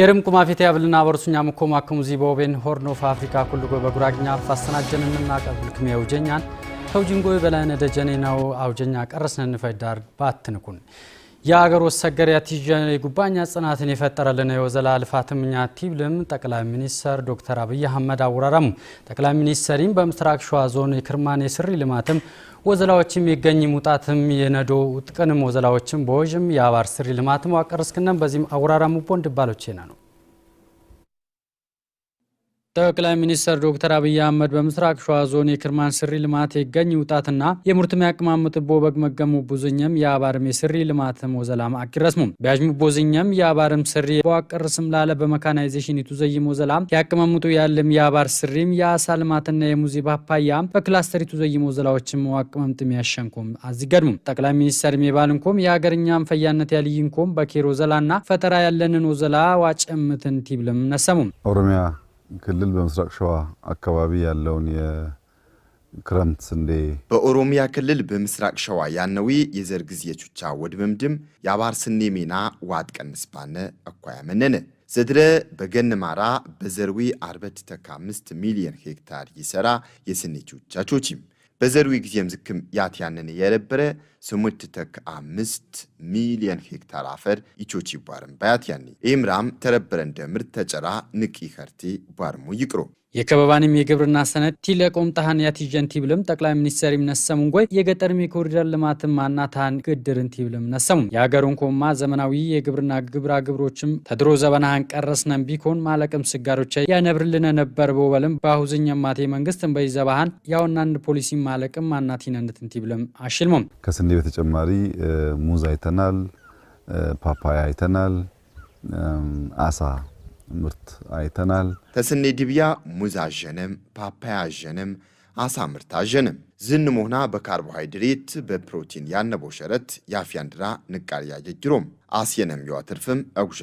ኬርም ኩማፌት ያብልና በርሱኛ ምኮ ማከሙ ዚ በኦቤን ሆርን ኦፍ አፍሪካ ኩል ጎይ በጉራግኛ ፋስተናጀን እናቀብል ክሜ ውጀኛን ተውጅንጎይ በላይነ ደጀኔ ነው አውጀኛ ቀረስነ ንፈዳር ባትንኩን የአገር ውስጥ ሰገር ያቲጀኔ የጉባኛ ጽናትን የፈጠረልን የወዘላ ልፋትም እኛ ቲብልም ጠቅላይ ሚኒስተር ዶክተር አብይ አህመድ አውራራም ጠቅላይ ሚኒስተሪም በምስራቅ ሸዋ ዞን የክርማን የስሪ ልማትም ወዘላዎችም የገኝ ሙጣትም የነዶ ጥቅንም ወዘላዎችም በወዥም የአባር ስሪ ልማትም ዋቀር እስክነም በዚህም አውራራሙ ቦንድ ባሎቼና ነው ጠቅላይ ሚኒስትር ዶክተር አብይ አህመድ በምስራቅ ሸዋ ዞን የክርማን ስሪ ልማት የገኝ ውጣትና የሙርትም ያቅማም ቦበግ መገሙ ቡዝኝም የአባርም የስሪ ልማት ሞዘላም አኪረስሙ ቢያዥሙ ቦዝኝም የአባርም ስሪ በዋቅር ስም ላለ በመካናይዜሽን ይቱ ዘይ ሞዘላም ያቅመሙጡ ያለም የአባር ስሪም የአሳ ልማትና የሙዚ ፓፓያ በክላስተር ይቱ ዘይ ሞዘላዎችም ዋቅመምጥም የሚያሸንኩም አዚገድሙ ጠቅላይ ሚኒስትር የባልንኮም የአገርኛም ፈያነት ያልይንኮም በኬሮ ዘላና ፈጠራ ያለንን ወዘላ ዋጭምትን ቲብልም ነሰሙም ኦሮሚያ ክልል በምስራቅ ሸዋ አካባቢ ያለውን የክረምት ስንዴ በኦሮሚያ ክልል በምስራቅ ሸዋ ያነዊ የዘር ጊዜ ቹቻ ወድምምድም የአባር ስኔ ሜና ዋት ቀንስ ባነ እኳያ መነነ ዘድረ በገን ማራ በዘርዊ አርበት ተካ አምስት ሚሊዮን ሄክታር ይሰራ የስኔ ቹቻ ቹቻቾችም በዘርዊ ጊዜም ዝክም ያት ያንን የነበረ ስሙት ተክ አምስት ሚሊዮን ሄክታር አፈር ይቾች ይባርም በያት ያኒ ኤምራም ተረበረ እንደ ምርት ተጨራ ንቂ ከርቲ ባርሙ ይቅሮ የከበባንም የግብርና ሰነድ ቲለቆም ቆምጣሃን ያቲጀን ቲብልም ጠቅላይ ሚኒስተር ይምነሰሙን ጎይ የገጠርም የኮሪደር ልማትም ማና ታን ግድርን ቲብልም ነሰሙ የሀገሩን ኮማ ዘመናዊ የግብርና ግብራ ግብሮችም ተድሮ ዘበናህን ቀረስነን ቢኮን ማለቅም ስጋሮች ያነብርልነ ነበር በወልም በአሁዝኛ ማቴ መንግስትን በይዘባህን ያውናንድ ፖሊሲ ማለቅም ማና ቲነንትን ቲብልም አሽልሞም ከስንዴ በተጨማሪ ሙዝ አይተናል፣ ፓፓያ አይተናል፣ አሳ ምርት አይተናል። ተስኔ ድብያ ሙዝ አዠንም፣ ፓፓያ አዠንም፣ አሳ ምርት አዠንም ዝን መሆና በካርቦሃይድሬት በፕሮቲን ያነቦ ሸረት ያፊያንድራ ንቃር ያጀጅሮም አስየነም የዋ ትርፍም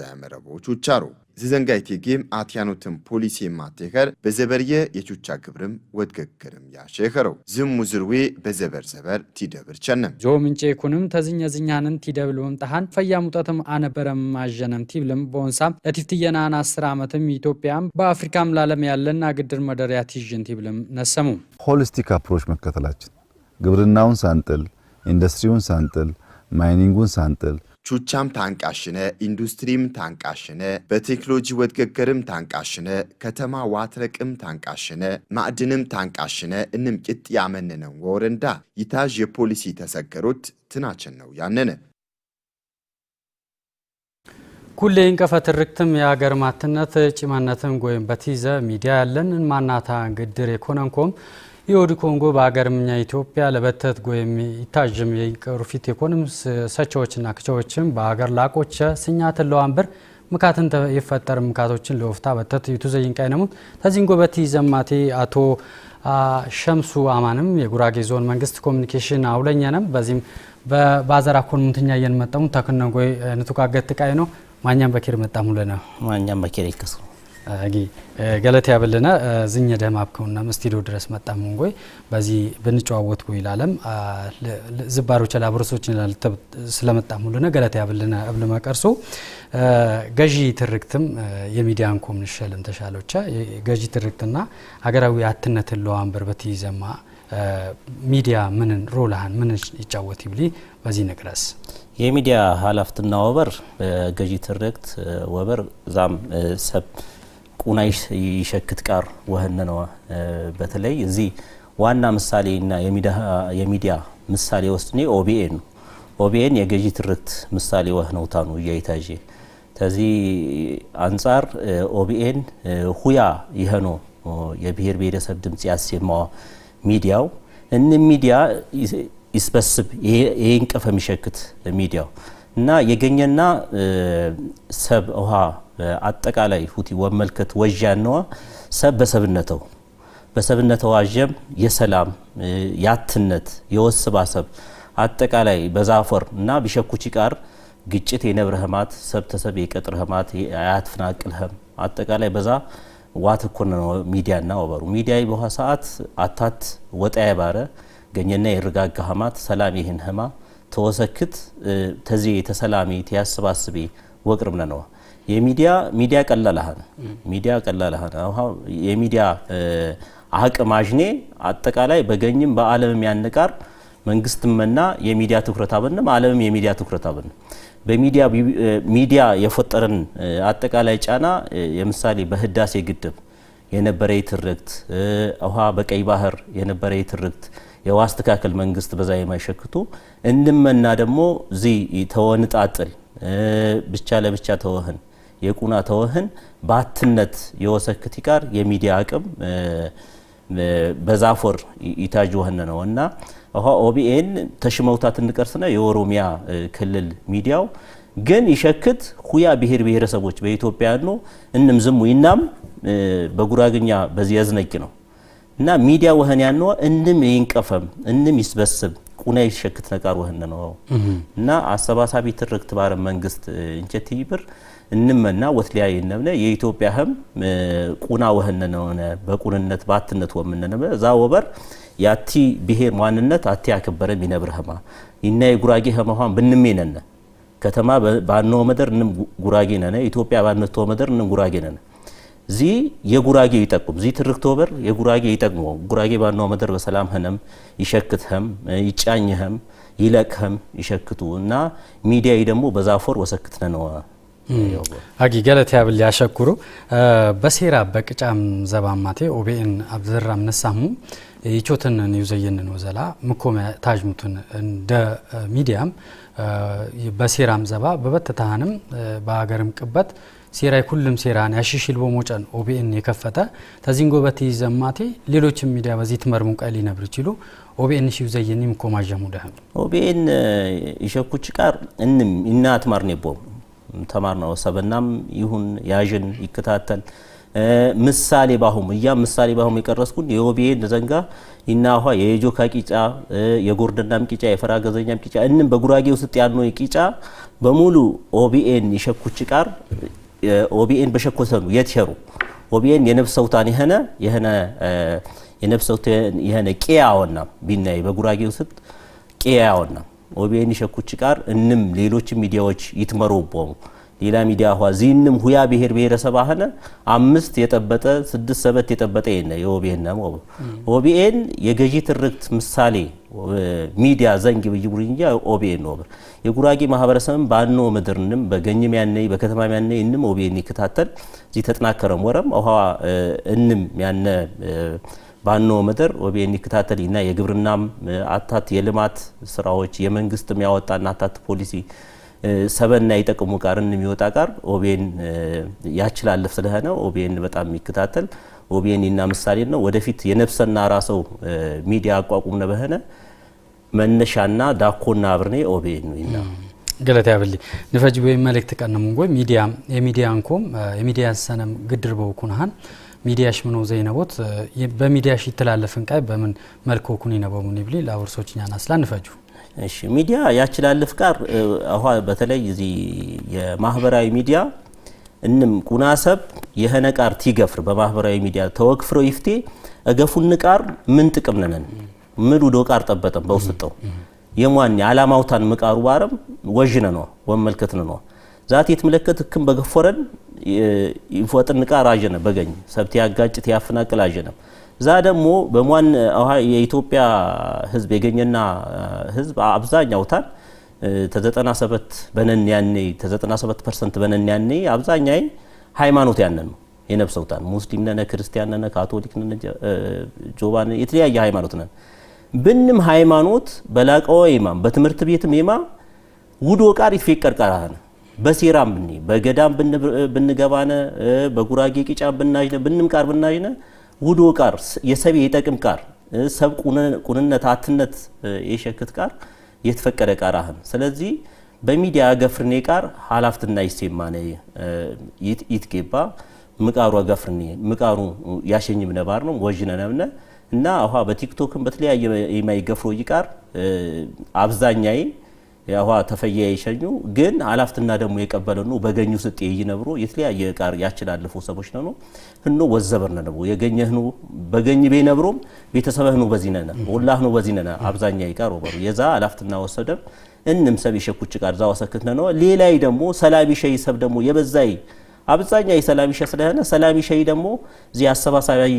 ያመረቦች ውቻሩ ዝዘንጋ እቴጌም አትያኖትን ፖሊሲ የማቴኸር በዘበርየ የቹቻ ግብርም ወድገግርም ያሸኸረው ዝሙ ዝርዌ በዘበር ዘበር ቲደብር ቸነም ጆ ምንጭ ኩንም ተዝኘ ዝኛንን ቲደብል ጣሃን ፈያ ሙጠትም አነበረም ማዠነም ቲብልም በወንሳም ለቲፍትየናን አስር ዓመትም ኢትዮጵያም በአፍሪካም ላለም ያለና ግድር መደሪያ ቲዥን ቲብልም ነሰሙ ሆሊስቲክ አፕሮች መከተላችን ግብርናውን ሳንጥል ኢንዱስትሪውን ሳንጥል ማይኒንጉን ሳንጥል ቹቻም ታንቃሽነ ኢንዱስትሪም ታንቃሽነ በቴክኖሎጂ ወድገገርም ታንቃሽነ ከተማ ዋትረቅም ታንቃሽነ ማዕድንም ታንቃሽነ እንም ቂጥ ያመንነው ወረንዳ ይታዥ የፖሊሲ ተሰገሮት ትናችን ነው ያነነ ኩሌን ቀፈትርክትም የሀገር ማትነት ጭመነትም ጎይም በቲዘ ሚዲያ ያለን ማናታ ግድር የኮነንኮም የወዲ ኮንጎ በሀገርምኛ ኢትዮጵያ ለበተት ጎይም ይታዥም የቀሩፊት የኮንም ሰቸዎችና ክቸዎችም በሀገር ላቆቸ ስኛትን ለዋንብር ምካትን የፈጠር ምካቶችን ለወፍታ በተት ዘይንቃይ ቃይነሙ ተዚን ጎበቲ ዘማቴ አቶ ሸምሱ አማንም የጉራጌ ዞን መንግስት ኮሚኒኬሽን አውለኛንም በዚህም በባዘራ ኮንሙንትኛ እየንመጠሙ ተክነጎይ ንቱካገት ቃይ ነው ማኛም በኪር መጣሙለ ነው ማኛም በኪር ይከሱ አጊ ገለት ያብልነ ዝኝ ደማብ ከውና መስቲዶ ድረስ መጣ መንጎይ በዚህ ብንጨዋወት ጎይ ላለም ዝባሮች ላብርሶች ስለመጣ ሙሉነ ገለት ያብልነ እብል መቀርሶ ገዢ ትርክትም የሚዲያን ኮምንሸልም ተሻሎቻ ገዢ ትርክትና ሀገራዊ አትነትን ለዋንበር በትይዘማ ሚዲያ ምንን ሮላህን ምን ይጫወት ይብሊ በዚህ ንቅረስ የሚዲያ ሀላፍትና ወበር ገዢ ትርክት ወበር ዛም ሰብ ቁና ይሸክት ቃር ነው። በተለይ እዚህ ዋና ምሳሌና የሚዲያ ምሳሌ ውስጥ ኔ ኦቢኤን ነው። ኦቢኤን የገዢ ትርክት ምሳሌ ወህነውታ ነው እያይታዥ ከዚህ አንጻር ኦቢኤን ሁያ ይኸኖ የብሔር ብሔረሰብ ድምፅ ያሰማ ሚዲያው እን ሚዲያ ይስበስብ ይህን ቀፈ የሚሸክት ሚዲያው እና የገኘና ሰብ ውሃ አጠቃላይ ሁቲ ወመልከት ወዣ ነዋ ሰብ በሰብነተው በሰብነተው አጀም የሰላም ያትነት የወስባሰብ አጠቃላይ በዛፈር እና ቢሸኩቺ ቃር ግጭት የነብረ ህማት ሰብ ተሰብ የቀጥር ህማት አያት ፍናቅል ህም አጠቃላይ በዛ ዋት እኮ ነው ሚዲያ እና ወበሩ ሚዲያ በኋ ሰዓት አታት ወጣ ያባረ ገኘና የርጋጋ ህማት ሰላም ይህን ህማ ተወሰክት ተዚ ተሰላሚ ተያስባስቤ ወቅርምነ ነዋ የሚዲያ ሚዲያ ቀላልሃን ሚዲያ ቀላልሃን አሁን የሚዲያ አቅም አጅኔ አጠቃላይ በገኝም በአለምም ያንቃር መንግስትም መና የሚዲያ ትኩረት አበንም አለምም የሚዲያ ትኩረት አበን በሚዲያ ሚዲያ የፈጠረን አጠቃላይ ጫና የምሳሌ በህዳሴ ግድብ የነበረ የትርክት ውሃ በቀይ ባህር የነበረ የትርክት የዋስተካከል መንግስት በዛ የማይሸክቱ እንመና ደግሞ ዚ ተወንጣጥል ብቻ ለብቻ ተወህን የቁና ተወህን በአትነት የወሰክቲ ቃር የሚዲያ አቅም በዛፎር ኢታጅ ወህነ ነው እና ውሃ ኦቢኤን ተሽመውታት እንቀርስና የኦሮሚያ ክልል ሚዲያው ግን ይሸክት ሁያ ብሄር ብሄረሰቦች በኢትዮጵያ ያኑ እንም ዝሙ ይናም በጉራግኛ በዚህ ያዝነቂ ነው እና ሚዲያ ወህን ያነ እንም ይንቀፈም እንም ይስበስብ ቁና ይሸክት ነቃር ወህነ ነው እና አሰባሳቢ ትርክት ባረ መንግስት እንቸት ይብር እንመና ወትሊያ ይነብነ የኢትዮጵያ ህም ቁና ወህነ ሆነ በቁንነት ባትነት ወምነነ እዛ ወበር ያቲ ብሄር ማንነት አቲ ያከበረ ይነብር ህማ ይና የጉራጌ ህማኋን ብንሜነነ ከተማ ባኖ መደር ንም ጉራጌ ነነ ኢትዮጵያ ባነቶ መደር ንም ጉራጌ ነነ ዚ የጉራጌ ይጠቁም ዚ ትርክት ወበር የጉራጌ ይጠቅሞ ጉራጌ ባኖ መደር በሰላም ህነም ይሸክትህም ይጫኝህም ይለቅህም ይሸክቱ እና ሚዲያ ደግሞ በዛፎር ወሰክትነ ነው agi galate abilya shakuru baseera beqicam zabamate obn abzirram nassamu ichotin niyu zeyenin wazala mkome tajmutun እንደ ሚዲያም በሴራም ዘባ በበተታህንም በሀገርም ቅበት ሴራይ ሁሉም ሴራን ያሽሽል በሞጨን ኦቢኤን የከፈተ ተዚን ጎበት ይዘማቴ ሌሎችም ሚዲያ በዚህ ትመርሙ ቃል ይነብር ይችሉ ኦቢኤን ሺው ዘይኒም ኮማጀሙ ደህም ኦቢኤን ይሸኩች ቃር እንም እናት ተማር ነው ሰበናም ይሁን ያዥን ይከታተል ምሳሌ ባሁም እያ ምሳሌ ባሁም የቀረስኩን የኦቢኤን ዘንጋ ይናኋ የጆካ ቂጫ የጎርደናም ቂጫ የፈራ ገዘኛም ቂጫ እንም በጉራጌ ውስጥ ያኖ ቂጫ በሙሉ ኦቢኤን ይሸኩች ቃር ኦቢኤን በሸኮሰኑ የትሸሩ ኦቢኤን የነብሰውታን የሆነ የሆነ የነብሰውታን የሆነ ቂያውና ቢናይ በጉራጌ ውስጥ ቂያውና ኦቢኤን ሸኩች ቃር እንም ሌሎች ሚዲያዎች ይትመሮቦሙ ሌላ ሚዲያ ኋ ዚህንም ሁያ ብሄር ብሄረሰብ አህነ አምስት የጠበጠ ስድስት ሰበት የጠበጠ የነ የኦቢኤን ነሞ ኦቢኤን የገዢ ትርክት ምሳሌ ሚዲያ ዘንግ ብይ እንጂ ኦቢኤን ወብር የጉራጌ ማህበረሰብም ባኖ ምድርንም በገኝም ያነይ በከተማም ያነይ እንም ኦቢኤን ይከታተል እዚህ ተጠናከረም ወረም አሃ እንም ያነ ባኖ መደር ኦቢኤን ይከታተል እና የግብርናም አታት የልማት ስራዎች የመንግስትም ያወጣና አታት ፖሊሲ ሰበና ይጠቅሙ ጋር የሚወጣ ቃር ኦቢኤን ያችላልፍ ስለሆነ ኦቢኤን በጣም የሚከታተል ኦቢኤን እና ምሳሌ ነው። ወደፊት የነፍሰና ራሰው ሚዲያ አቋቁም ነበህነ መነሻና ዳኮና አብርኔ ኦቢኤን ይና ገለት ያብል ንፈጅ ወይ መልእክት ቀነም ጎይ ሚዲያ የሚዲያ እንኮም የሚዲያ ሰነም ግድር በውኩናሃን ሚዲያሽ ምኖ ዘይነቦት በሚዲያሽ ይተላለፍን ቃይ በምን መልኩ ኩኒ ነበቡ ኒብሊ ለአውርሶችኛን አስላን ፈጁ እሺ ሚዲያ ያችላልፍ ቃር አሁ በተለይ እዚ የማህበራዊ ሚዲያ እንም ቁናሰብ የሆነ ቃር ቲገፍር በማህበራዊ ሚዲያ ተወክፍሮ ይፍቴ እገፉን ቃር ምን ጥቅም ነነን ምን ውዶ ቃር ጠበጠም በውስጠው የሟን አላማውታን ምቃሩ ባረም ወዥነ ነው ወመልከት ነው ዛት የትምለከት ህክም በገፎረን ይፎጥንቃ ራጀነ በገኝ ሰብት ያጋጭት ያፈናቅል አጀነ ዛ ደግሞ በሟን የኢትዮጵያ ህዝብ የገኘና ህዝብ አብዛኛው ታን ተዘጠና ሰበት በነን ያኔ ተዘጠና ሰበት ፐርሰንት በነን ያኔ አብዛኛይ ሃይማኖት ያነ ነው የነብሰውታን ሙስሊም ነነ ክርስቲያን ነነ ካቶሊክ ነነ ጆባን የተለያየ ሃይማኖት ነን ብንም ሃይማኖት በላቀው ኢማም በትምህርት ቤትም ኢማም ውዶ ቃር ይፈቀር ነው በሴራም ብን በገዳም ብንገባነ በጉራጌ ቂጫ ብናጅነ ብንም ቃር ብናጅነ ውዶ ቃር የሰብ የጠቅም ቃር ሰብ ቁንነት አትነት የሸክት ቃር የተፈቀደ ቃር አህን ስለዚህ በሚዲያ ገፍርኔ ቃር ሀላፍትና ይሴማነ ይትጌባ ምቃሩ ገፍርኔ ምቃሩ ያሸኝም ነባር ነው ወዥነ ነምነ እና አሁ በቲክቶክም በተለያየ የማይገፍሮ ይቃር አብዛኛዬ ያዋ ተፈያ የሸኙ ግን አላፍትና ደግሞ ነው በገኙ ስጥ ይነብሮ የተለያየ ቃር ያችላልፎ ሰቦች ነው ህኖ ወዘበርነ ነው የገኘህኑ በገኝ ቤነብሮም ወላህ ነው በዚህ በዚነነ አብዛኛ ይቃር ወበሩ የዛ አላፍትና ወሰደም እንም ሰብ ይሸኩች ቃር ዛ ወሰክትነ ነው ሌላይ ደግሞ ሰላቢ ሸይ ሰብ ደግሞ የበዛይ አብዛኛው የሰላም ሸ ስለሆነ ሰላም ሸይ ደግሞ እዚ አሰባሳቢ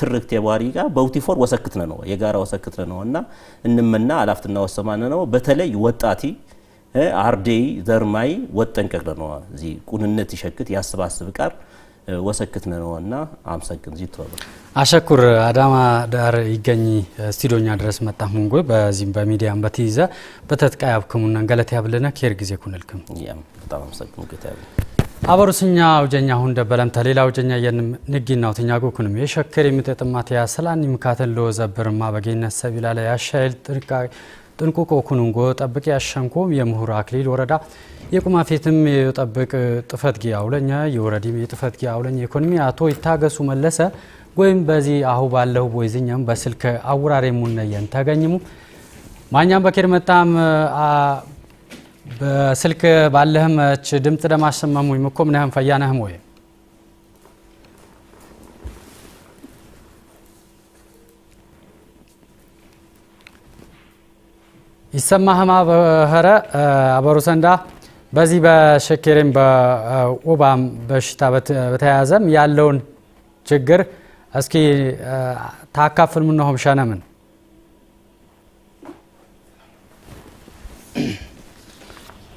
ትርክት የቧሪ ጋር በውቲፎር ወሰክትነ ነው የጋራ ወሰክትነ ነው እና እንመና አላፍትና ወሰማነ ነው በተለይ ወጣቲ አርዴይ ዘርማይ ወጠንቀቅ ነው እዚ ቁንነት ይሸክት ያሰባስብ ቃር ወሰክት ነው እና አምሰግን ዚ ተወበ አሸኩር አዳማ ዳር ይገኝ ስቱዲዮኛ ድረስ መጣ ሙንጎ በዚህም በሚዲያም አንበቲ ይዘ በተጥቃ ያብክሙና ገለት ያብለነ ኬር ጊዜ ኩንልክም በጣም አምሰግን ጌታ አበሩስኛ አውጀኛ ሁን ደበለም ተሌላ አውጀኛ የንም ንጊናው ትኛጎ ኩንም የሸከር የሚጠጥማት ያስላን ምካተን ለወዘብርማ በጌነት ሰቢላ ላይ አሻይል ጥንቃ ጥንቁቆ ኩኑንጎ ጠብቅ ያሸንኮም የምሁር አክሊል ወረዳ የቁማፌትም የጠብቅ ጥፈት ጊ አውለኛ የወረዲም የጥፈት ጊ አውለኛ ኢኮኖሚ አቶ ይታገሱ መለሰ ወይም በዚህ አሁ ባለሁ ወይዝኛም በስልክ አውራሬ ሙነየን ተገኝሙ ማኛም በኬር መጣም በስልክ ባለህም እች ድምፅ ደማሰመሙኝ ምኮም ነህም ፈያነህም ወይ ይሰማህማ በኸረ አበሩ ሰንዳ በዚህ በሸኬሬም በወባም በሽታ በተያያዘም ያለውን ችግር እስኪ ታካፍል ምነሆም ሸነምን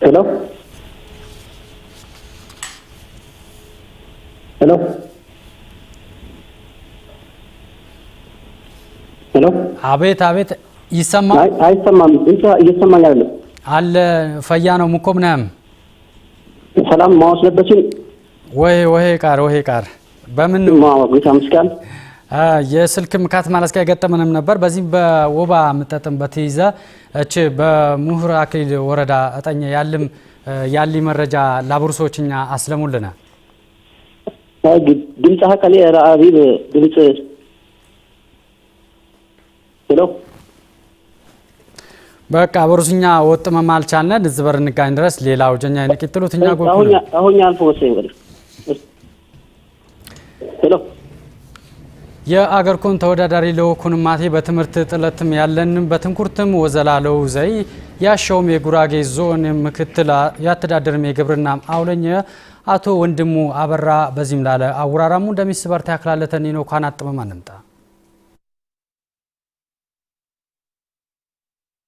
ሄሎ ሄሎ ሄሎ። አቤት አቤት። ይሰማ አይሰማም? እየሰማኝ አይደለም። አለ ፈያ ነው ሙኮም ነም ሰላም ማወስለበችን ወይ ወይ ቃር ወይ ቃር በምን ማወቅ ምስጋና የስልክ ምካት ማለስኪያ የገጠመንም ነበር። በዚህ በወባ ምጠጥም በተይዘ እች በሙህር አክሊል ወረዳ እጠኛ ያልም ያሊ መረጃ ላቡርሶችኛ አስለሙልነ ድምፅ ሀቀሌ ረአቢብ ድምፅ ሄሎ በቃ በሩስኛ ወጥ መማል ቻልነ ንዝበር እንጋኝ ድረስ ሌላው ጀኛ ይነቅጥሉትኛ ጎኩ አሁን አልፎ ወሰኝ ወደ ሄሎ የአገርኮን ተወዳዳሪ ለወኩን ማቴ በትምህርት ጥለትም ያለን በትንኩርትም ወዘላለው ዘይ ያሸውም የጉራጌ ዞን ምክትል ያተዳደርም የግብርና አውለኝ አቶ ወንድሙ አበራ በዚህም ላለ አውራራሙ እንደሚስበር ተያክላለተኒ ነው ካናጥመም አንምጣ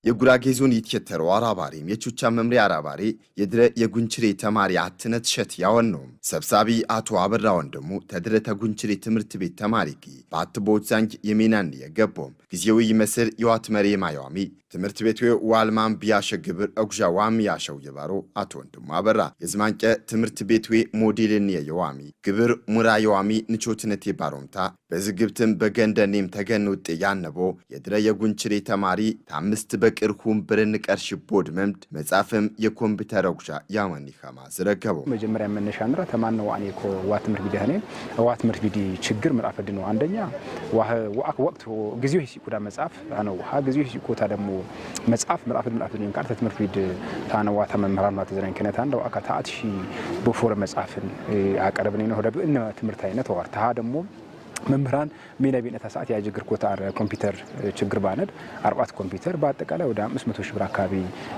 የጉራጌ ዞን ይትከተሩ አራባሪም የቹቻ መምሪያ አራባሪ የድረ የጉንችሬ ተማሪ አትነት ሸት ያወን ነው ሰብሳቢ አቶ አበራ ወንድሙ ተድረ ተጉንችሬ ትምህርት ቤት ተማሪ ጊ በአትቦት ዛንጅ የሜናን የገቦም ጊዜው ይመስል የዋት መሬ ማያዋሚ ትምህርት ቤቱ ዋልማም ቢያሸ ግብር እጉዣ ዋሚ ያሸው የባሮ አቶ ወንድሙ አበራ የዝማንቄ ትምህርት ቤቱ ሞዴልን የዋሚ ግብር ሙራ የዋሚ ንቾትነት የባሮምታ በዝግብትም በገንደኔም ተገን ውጤ ያነቦ የድረ የጉንችሬ ተማሪ ታምስት በቅርሁም ብርን ቀርሽ ቦድ መምድ መጻፍም የኮምፒውተር እጉዣ ያመኒ ከማ ዝረገበው መጀመሪያ መነሻ ንራ ተማነ ዋኔ ኮ ዋ ትምህርት ቢዲ ኔ ዋ ትምህርት ቢዲ ችግር ምራፈድ ነው አንደኛ ዋ ወቅት ጊዜ ሲቁዳ መጻፍ ነው ጊዜ ሲቁታ ደግሞ መጽሐፍ ምልአፍድ ምልአፍድ ን ካርተ ትምህርት ቤት ታነዋታ መምህራን ማለት ዘረን ክነት አንደ አካታአት ሺ በፎረ መጽሐፍን አቀረብን ነው እነ ትምህርት አይነት ዋር ተሃ ደግሞ መምህራን ሚና ቢነታ ሰዓት የአጅ እግር ኮታ ኮምፒውተር ችግር ባነድ አርቋት ኮምፒውተር በአጠቃላይ ወደ 500 ሺህ ብር አካባቢ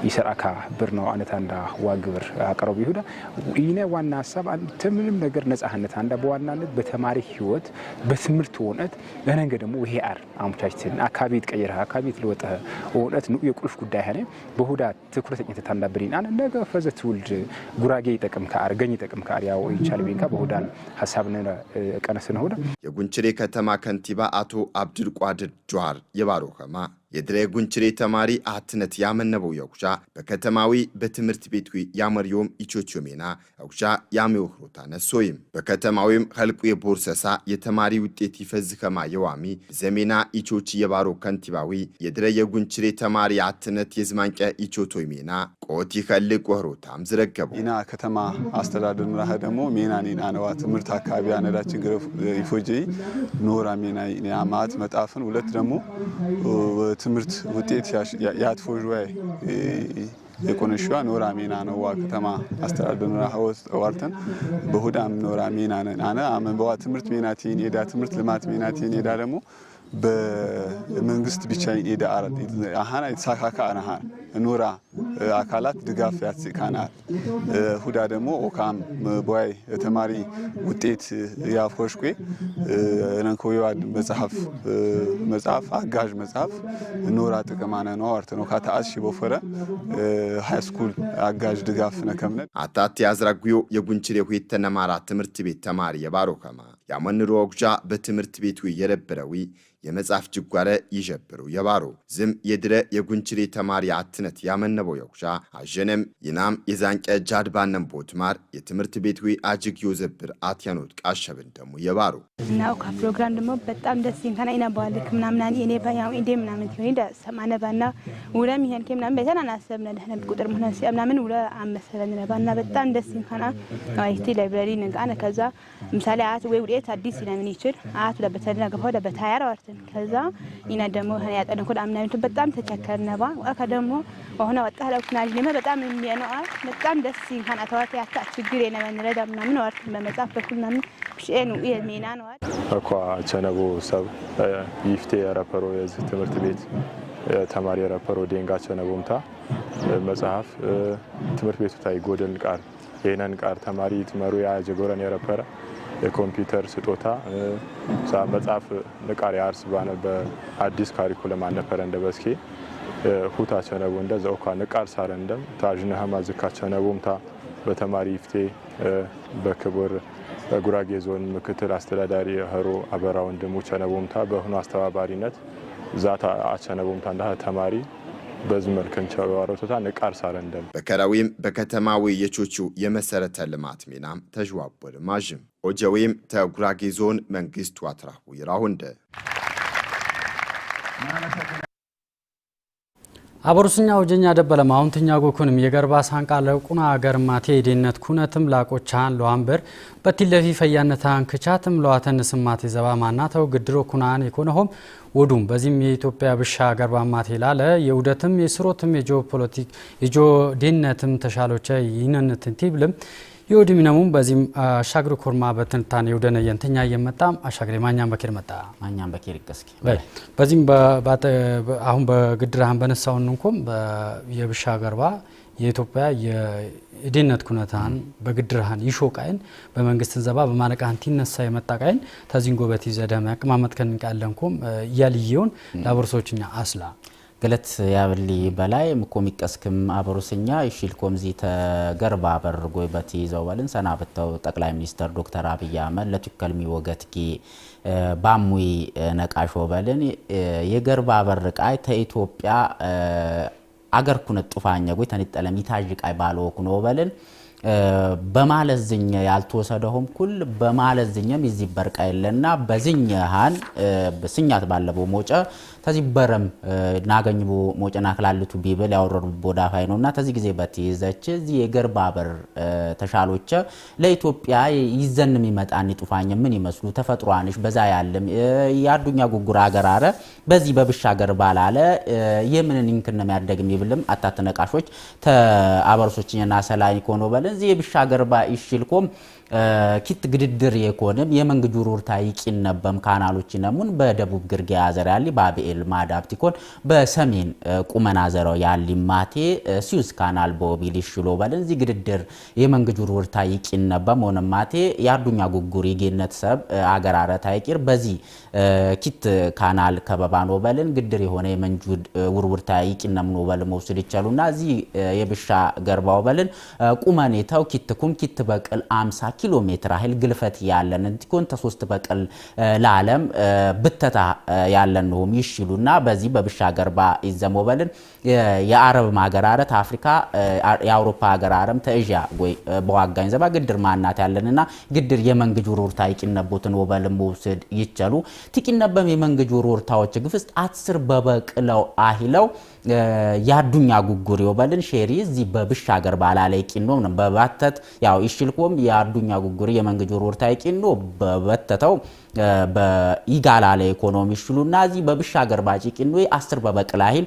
ይሰራካ ብር ነው አነት አንዳ ዋግብር አቀረቡ ይሁዳ ይነ ዋና ሀሳብ ምንም ነገር ነጻነት አንዳ በዋናነት በተማሪ ህይወት በትምህርት ውነት ለነገ ደግሞ ይሄ አር አሙቻችትን አካባቢ ይትቀይረ አካባቢ ይትለወጠ ውነት ኑ የቁልፍ ጉዳይ ሀኔ በሁዳ ትኩረት ኝተት አንዳ ብሪን አነ ነገ ፈዘ ትውልድ ጉራጌ ይጠቅም ከአር ገኝ ይጠቅም ከአር ያው ይቻል ቤንካ በሁዳን ሀሳብ ነ ቀነስነ ሁዳ የዋንችሬ ከተማ ከንቲባ አቶ አብድልቋድር ጀዋር የባሮ የድሬጉንችሬ ተማሪ አትነት ያመነበው የኩሻ በከተማዊ በትምህርት ቤት ያመሪዮም ሜና አኩሻ ያሚወክሮታ ነሶይም በከተማዊም ኸልቁ የቦርሰሳ የተማሪ ውጤት ይፈዝከማ የዋሚ ዘሜና ኢቾች የባሮ ከንቲባዊ የድረ የጉንችሬ ተማሪ አትነት የዝማንቀ ኢቾቶ ሜና ቆት ይኸልቅ ወህሮታም ዝረገቡ ኢና ከተማ አስተዳደር ምራህ ደግሞ ሜና ኔና ነዋ ትምህርት አካባቢ አነዳችን ገረፍ ይፎጀይ ኖራ ሜና ማት መጣፍን ሁለት ደግሞ የትምህርት ውጤት ያትፎ ዥዋይ የቆነሽዋ ኖራ ሜና ነው ዋ ከተማ አስተዳደር ኖራ ሀወት ተዋርተን በሁዳም ኖራ ሜና አነ አመንበዋ ትምህርት ሜናቲን ሄዳ ትምህርት ልማት ሜናቲን ሄዳ ደግሞ በመንግስት ብቻ ሄዳ አራት አሃና የተሳካካ አነሃ ኑራ አካላት ድጋፍ ያስካናል ሁዳ ደግሞ ኦካም በዋይ ተማሪ ውጤት ያፎሽኩ ነንኮዮዋድ መጽሐፍ መጽሐፍ አጋዥ መጽሐፍ ኑራ ጥቅማነ ነው አርት ነው ካታአስ ሽቦፈረ ሃይስኩል አጋዥ ድጋፍ ነከምነ አታት ያዝራጉዮ የሁት ተነማራ ትምህርት ቤት ተማሪ የባሮከማ ያመንሮ ወግጃ በትምህርት ቤቱ የረበረዊ የመጽሐፍ ጅጓረ ይዠብሩ የባሩ ዝም የድረ የጉንችሪ ተማሪ አትነት ያመነበው የኩሻ አዠነም ይናም የዛንቀ ጃድባነም ቦትማር የትምህርት ቤት ዊ አጅግ ዮዘብር አትያኖት ቃሸብን ደሙ የባሩ እናው ካ ፕሮግራም ደሞ በጣም ደስ ይንከና ኢና ባለ እኔ ባያው እንዴ ምናምን ትሆይ ዳ ሰማነባና ውለም ይሄን ከምናምን በተና ናሰብና ደህና ቁጥር ምናምን ሲያምናምን ውለ አመሰለን ነባና በጣም ደስ ይንከና አይቲ ላይብረሪ ንጋነ ከዛ ምሳሌ አት ወይ ውዴት አዲስ ይናምን ይችል አት ለበተልና ገፋው ለበታያራው ተያዝን። ከዛ ይነ ደግሞ ያጠነ ኩዳ አምናዊቱ በጣም ነባ ወካ ደሞ ሆነ ወጣ ለኩና ጅነመ በጣም የሚያነዋ በጣም ደስ ይንካና ተዋት ያታ ችግር የነ መንረዳ ምናምን ወርት በመጻፍ በኩል ምናምን ሽኤኑ የሚና ነው አኳ ቸነቦ ሰብ ይፍቴ ረፐሮ የዚህ ትምህርት ቤት ተማሪ ረፐሮ ዴንጋ ቸነቦምታ መጽሐፍ ትምህርት ቤቱ ታይ ጎደል ቃር የነን ቃር ተማሪ ትመሩ ያ ጀጎረን የረፐረ የኮምፒውተር ስጦታ መጽሐፍ ንቃሪ አርስ ባነ በአዲስ ካሪኩለም አነፈረ እንደ በስኬ ሁታ ቸነቡ እንደ ዘኦኳ ንቃር ሳረ እንደም ታዥነህማ ዝካቸው ነቦምታ በተማሪ ይፍቴ በክቡር በጉራጌ ዞን ምክትል አስተዳዳሪ ህሮ አበራ ወንድሙ ቸነቡምታ በሁኑ አስተባባሪነት ዛታ አቸነቡምታ እንዳ ተማሪ በዚህ መልክን ቸዋሮቶታ ንቃር ሳረ እንደም በከራዊም በከተማዊ የቾቹ የመሰረተ ልማት ሚና ተዥዋቦ ልማዥም ኦጀዌም ተጉራጌ ዞን መንግስቱ አትራሁ ይራሁንደ አበሩስኛ ወጀኛ ደበለ ማውንትኛ ጎኩንም የገርባ ሳንቃ ለቁና ገርማቴ ዴነት ኩነትም ላቆቻን ለዋንበር በትለፊ ፈያነታን ክቻትም ለዋተን ስማቴ ዘባ ማናተው ግድሮ ኩናን የኮነሆም ወዱም በዚህም የኢትዮጵያ ብሻ ገርባ ማቴ ላለ የውደትም የስሮትም የጂኦፖለቲክ የጂኦ ዴነትም ተሻሎቸ ይነንትን ቲብልም ሚናሙም በዚህም አሻግር ኮርማ በትንታኔ የውደነ የንተኛ የመጣም አሻግሪ ማኛም በኬር መጣ ማኛም በኬር ይቀስኪ በዚህም አሁን በግድራህን በነሳውን እንኮም የብሻ ገርባ የኢትዮጵያ የድህነት ኩነታን በግድርሃን ይሾቃይን በመንግስትን ዘባ በማነቃህን ቲነሳ የመጣ ቃይን ተዚንጎበት ይዘደመ ቅማመት ከንቃለንኩም እያልየውን ላቦርሶችኛ አስላ ግለት ያብሊ በላይ ምኮ ምኮሚቀስክም አበሩስኛ ይሽል ኮምዚ ተገርባ በር ጎይበት ይዘው በልን ሰና ብተው ጠቅላይ ሚኒስተር ዶክተር አብይ አህመድ ለቱከልሚ ወገትኪ ባሙይ ነቃሾ በልን የገርባ በር ቃይ ተኢትዮጵያ አገር ኩነት ጡፋኛ ጎይ ተንጠለም ሚታዥ ቃይ ባለ ኩኖ በልን በማለዝኝ ያልተወሰደሁም ኩል በማለዝኝም ይዚ በርቃ የለና በዝኝ ሀን ስኛት ባለበው መውጫ ተዚ በረም ናገኝቦ ሞጨና ክላልቱ ቢብል ያወረሩ ቦዳ ፋይ ነውና ተዚ ጊዜ በትይዘች እዚ የገርባ በር ተሻሎች ለኢትዮጵያ ይዘን የሚመጣን ጡፋኝ ምን ይመስሉ ተፈጥሮ አንሽ በዛ ያለም የአዱኛ ጉጉር አገራረ በዚህ ገርባ ላለ የምንን ይንክነ ያደግም ይብልም አታተነቃሾች ተአበርሶችኛና ሰላይ ኮኖ በለን እዚ የብሻ ገርባ ይሽልኮም ኪት ግድድር የኮንም የመንግጁሩርታ ይቂን ነበም ካናሎች ነሙን በደቡብ ግርጌ ያዘር ያሊ ልማድ አብቲኮን በሰሜን ቁመና ዘረው ያሊማቴ ሲዩዝ ካናል በኦቢል ይሽሎ በለን ዚ ግድድር የመንግጁር ውርታ ይቂን ነበ ሆነ ማቴ የአዱኛ ጉጉር ይጌነት ሰብ አገራረት አይቂር በዚ ኪት ካናል ከበባ ነው በለን ግድር የሆነ የመንጁድ ውርውርታ ይቂን ነምኖ በል መውስድ ይቻሉ እና እዚ የብሻ ገርባው በልን ቁመኔታው ኪትኩም ኪት በቅል 50 ኪሎ ሜትር ያህል ግልፈት ያለን እንዲኮን ተሶስት በቅል ለዓለም ብተታ ያለን ነውም ይሽ ሲሉና በዚህ በብሻገር ባ ኢዘሞበልን የአረብ አረት አፍሪካ የአውሮፓ ሀገር አረም ተእዣ ጎይ በዋጋኝ ዘባ ግድር ማናት ያለንና ግድር የመንግጅ ውርታ ይቂነቦትን ወበልን መውስድ ይቸሉ ትቂነበም የመንግጅ ውርታዎች ግፍስት አስር በበቅለው አሂለው ያዱኛ ጉጉር የበልን ሼሪ እዚህ እዚ በብሻገር ባላለይ ቂኖም ነው በባተት ያው ይሽልኮም ያዱኛ ጉጉር የመንግጆር ወርታይ ቂኖ በበተተው በኢጋላ ላይ ኢኮኖሚ እዚህ እዚ በብሻገር ባጪ ቂኖ 10 በበቅል አይል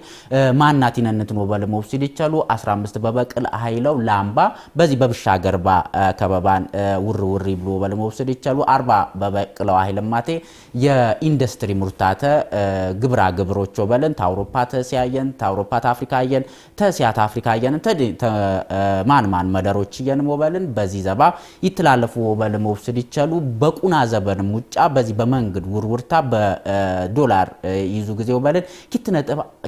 ማናት ይነንት ነው በል መውሰድ ይቻሉ 15 በበቅል አይለው ላምባ በዚህ በብሻገር ባ ከበባን ውር ውር ብሎ በል መውሰድ ይቻሉ 40 በበቅለው አይል ማቴ የኢንዱስትሪ ምርታተ ግብራ ግብሮቾ በለን ታውሮፓ ተሲያየን ታውሮፓ ታፍሪካ አየን ተሲያት አፍሪካ የን ማን ማን መደሮች የን ሞበልን በዚህ ዘባ ይተላለፉ ወበል መውሰድ ይቻሉ በቁና ዘበን ሙጫ በዚህ በመንግድ ውርውርታ በዶላር ይዙ ጊዜ ወበልን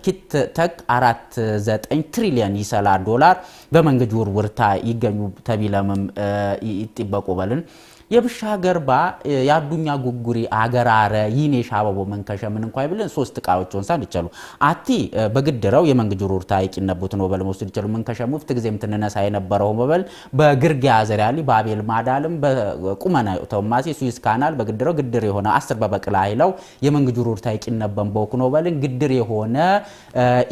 ኪት ተክ 49 ትሪሊዮን ይሰላ ዶላር በመንግድ ውርውርታ ይገኙ ተቢለምም ይጥበቁ በልን የብሻ ገርባ የአዱኛ ጉጉሪ አገራረ ይኔ ሻበቦ መንከሸ ምን እንኳ ይብልን ሶስት እቃዎች ወንሳን እንችሉ አቲ በግድረው የመንግጅሩ ርታ ይቂነቡት ነው በል እንችሉ መንከሸ ሙፍት ጊዜ ምትንነሳ የነበረው በበል በግርጌ አዘሪያሊ ባቤል ማዳልም በቁመና ተማሲ ስዊስ ካናል በግድረው ግድር የሆነ አስር በበቅላ አይለው የመንግጅሩ ርታ ይቂነበን በኩ ነው በልን ግድር የሆነ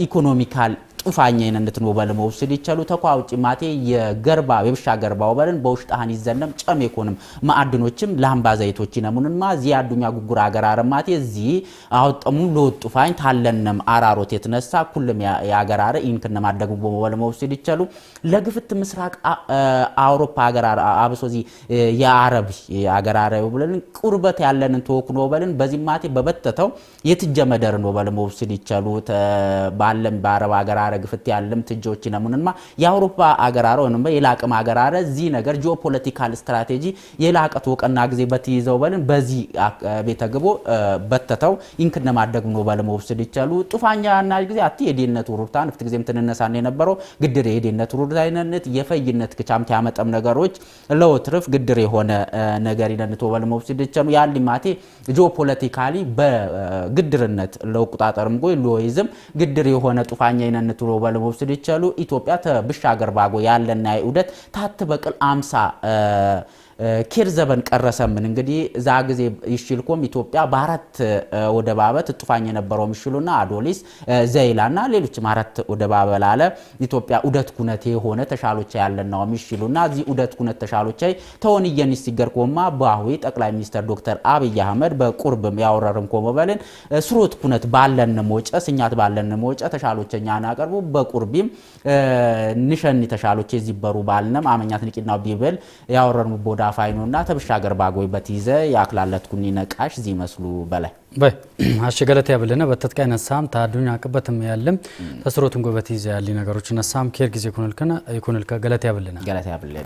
ኢኮኖሚካል ጥፋኛ ጡፋኛይን እንድትኖ በለመውሰድ ይቻሉ ተቋውጪ ማቴ የገርባ የብሻ ገርባ ወበልን በውሽጥ አህን ይዘነም ጨም ይኮንም ማዕድኖችም ላምባ ዘይቶች ይነሙንማ ዚ አዱኛ ጉጉራ አገራረ ማቴ ዚ አወጠሙ ለወጥ ጡፋኝ ታለንም አራሮት የተነሳ ኩልም ያገራረ ኢንክነ ማደጉ በለመውሰድ ይቻሉ ለግፍት ምስራቅ አውሮፓ አገር አገራረ አብሶ ዚ የአረብ አረ ወበልን ቁርበት ያለንን ተወክኖ ወበልን በዚህ ማቴ በበተተው የትጀመደርን ወበለመውሰድ ይቻሉ ባለም በአረብ አረ ሀረግ ፍት ያለም ትጆች ነሙንማ የአውሮፓ አገራረ ወንም የላቅም አገራረ እዚ ነገር ጂኦፖለቲካል ስትራቴጂ የላቀት ወቀና ጊዜ በትይዘው በልን በዚ ቤተግቦ በተተው ኢንክነ ማደግ ነው በለ መውሰድ ይቻሉ ጡፋኛ ናጅ ጊዜ አቲ የዴነት ውሩርታን ፍት ጊዜም ትንነሳን የነበረው ግድር የዴነት ውሩርታይነት የፈይነት ክቻምት ያመጠም ነገሮች ለወትርፍ ግድር የሆነ ነገር ይነንቶ በለ መውሰድ ይቻሉ ያል ማቴ ጂኦፖለቲካሊ በግድርነት ለቁጣጠርም ጎይ ሎይዝም ግድር የሆነ ጡፋኛ ይነንቶ ክትትሎ ባለመውሰድ ይቻሉ ኢትዮጵያ ብሻገር ባጎ ያለና የዑደት ታት በቅል አምሳ ኬር ዘበን ቀረሰምን እንግዲህ እዛ ጊዜ ይሽልኮም ኢትዮጵያ በአራት ወደባበ ትጡፋኝ የነበረው ምሽሉና አዶሊስ ዘይላ ና ሌሎችም አራት ወደባበ ላለ ኢትዮጵያ ውደት ኩነት የሆነ ተሻሎቻ ያለናው ምሽሉና እዚህ ውደት ኩነት ተሻሎቻ ተወንየን ሲገር ኮማ በአሁ ጠቅላይ ሚኒስትር ዶክተር አብይ አህመድ በቁርብም ያወረርም ኮመበልን ስሮት ኩነት ባለን መውጨ ስኛት ባለን መውጨ ተሻሎቸኛ ናቀርቡ በቁርቢም ንሸኒ ተሻሎቼ ዚበሩ ባልነም አመኛት ንቂና ቢብል ያወረርም ቦዳ ዳፋይኖና ተብሻገር ባጎይ በቲዘ ኩኒ ነቃሽ ዚ መስሉ በላይ ገለት ያብልነ በተጥቃይ ነሳም ታዱኝ አቅበትም ያለም ተስሮትን ጎበት ይዘ ያሊ ነገሮች ነሳም ኬር ጊዜ ኮንልከና ይኮንልከ ገለት ያብልነ ገለት ያብልነ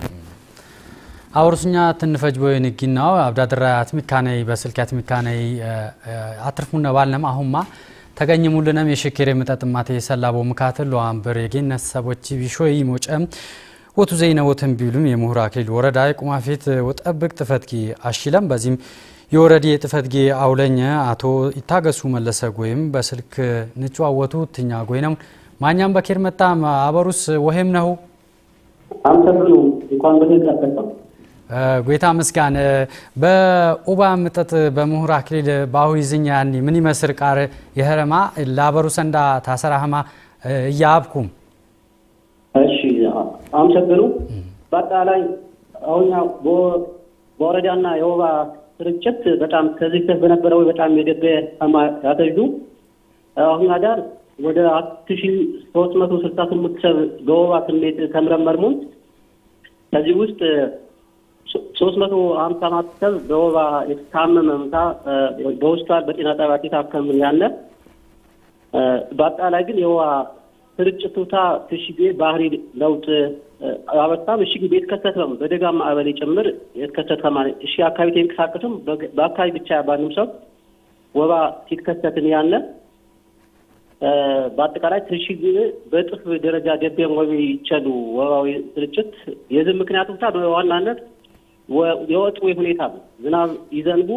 አውርሱኛ ትንፈጅ ቦይ ንጊናው አብዳድራ አትሚካነይ በስልክ አትሚካነይ አትርፉነ ባልነም አሁንማ ተገኝ ሙልነም የሽኬር የምጠጥማት የሰላቦ ምካትል ለአንበር የጌነት ሰቦች ቢሾይ ሞጨም ወቱ ዘይነወትን ቢሉም የምሁር አክሊል ወረዳ የቁማፌት ወጠብቅ ጥፈትጌ አሽለም በዚህም የወረዴ ጥፈትጌ አውለኝ አቶ ይታገሱ መለሰ ጎይም በስልክ ንጫወቱ ትኛ ጎይ ነው ማኛም በኬር መጣም አበሩስ ወሄም ነው ጎይታ ምስጋን በኡባ ምጠጥ በምሁር አክሊል ባሁይ ዝኛ ያኒ ምን ይመስር ቃር የህረማ ላበሩ ሰንዳ ታሰራህማ እያብኩም አመሰግኑ። በአጠቃላይ አሁኛ በወረዳና የወባ ስርጭት በጣም ከዚህ ከፍ በነበረው በጣም የገበ ያተጁ አሁን አዳር ወደ አት ሺ ሶስት መቶ ስልሳ ስምንት ሰብ በወባ ስሜት ተመረመርን። ከዚህ ውስጥ ሶስት መቶ ሀምሳ አራት ሰብ በወባ የታመመ ምታ በሆስፒታል በጤና ጣቢያ የታከምን ያለ በአጠቃላይ ግን የወባ ስርጭቱታ ትሽጌ ባህሪ ለውጥ አበጣ እሺ ቤት ከተተ ነው በደጋ ማዕበል ጭምር የተከተተ ማለት እሺ አካባቢ ተንቀሳቀሱም በአካባቢ ብቻ ባንም ሰው ወባ ሲከሰትን ያለ በአጠቃላይ ትሽግ በጥፍ ደረጃ ደቤም ወይ ይቸሉ ወባዊ ስርጭት የዚህ ምክንያቱ ብቻ በዋናነት የወጥ ወይ ሁኔታ ነው። ዝናብ ይዘንቡ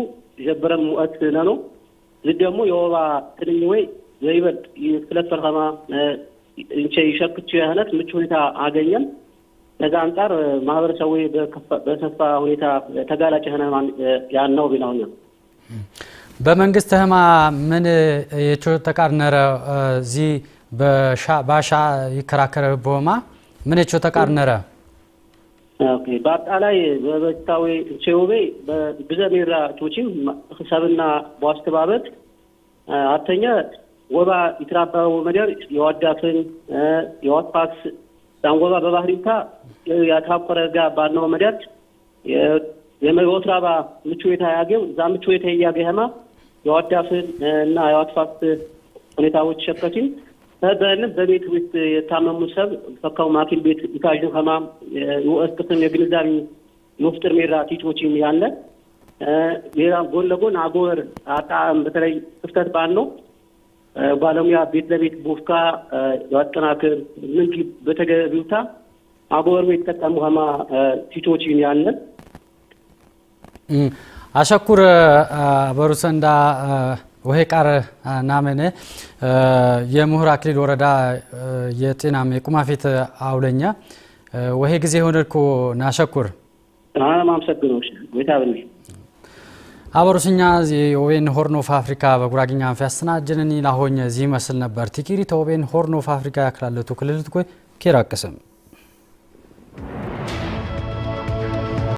ጀበረም ሙቀት ነኖ ስለዚህ ደግሞ የወባ ትንኝ ወይ ዘይበልጥ ስለፈርኸማ ይሸክቹ ያህለት ምቹ ሁኔታ አገኘም። ከዛ አንጻር ማህበረሰቡ በሰፋ ሁኔታ ተጋላጭ የሆነ ያን ነው ቢለውኛ በመንግስት ህማ ምን የቾ ተቃርነረ እዚ ባሻ ይከራከረ ቦማ ምን የቾ ተቃርነረ በአጣላይ በበታዊ ቼውቤ በብዘሜራ ቶቺም ሰብና በአስተባበት አተኛ ወባ ይትራባው መደር የዋዳትን የዋፓክስ ዳንጎባ በባህሪታ ያታቆረ ጋ ባነው መደር የወትራባ ምቹ ቤታ ያገው እዛ ምቹ ቤታ ያገህማ የዋዳፍን እና የዋትፋክስ ሁኔታዎች ሸከቲን በን በቤት ውስጥ የታመሙ ሰብ ፈካው ማኪል ቤት ይካዥ ከማ ወስጥትን የግንዛቤ መፍጥር ሜራ ቲቶችን ያለ ሌላ ጎን ለጎን አጎበር አጣም በተለይ ክፍተት ባን ነው ባለሙያ ቤት ለቤት ቦፍካ ያጠናክር ምንኪ በተገቢውታ አጎወርቦ የተጠቀሙ ሀማ ቲቶችን ያለ አሸኩር በሩሰንዳ ውሄ ቃር ናመነ የምሁር አክሊል ወረዳ የጤና የቁማፌት አውለኛ ወሄ ጊዜ ሆነልኮ ናሸኩር ማመሰግኖች ጎይታ ብኔ አበሩስኛ የኦቤን ሆርን ኦፍ አፍሪካ በጉራግኛ አንፊያስና ጅንኒ ላሆኝ ዚህ መስል ነበር ቲኪሪ ተኦቤን ሆርን ኦፍ አፍሪካ ያክላለቱ ክልልት ኮይ ኬራቅስም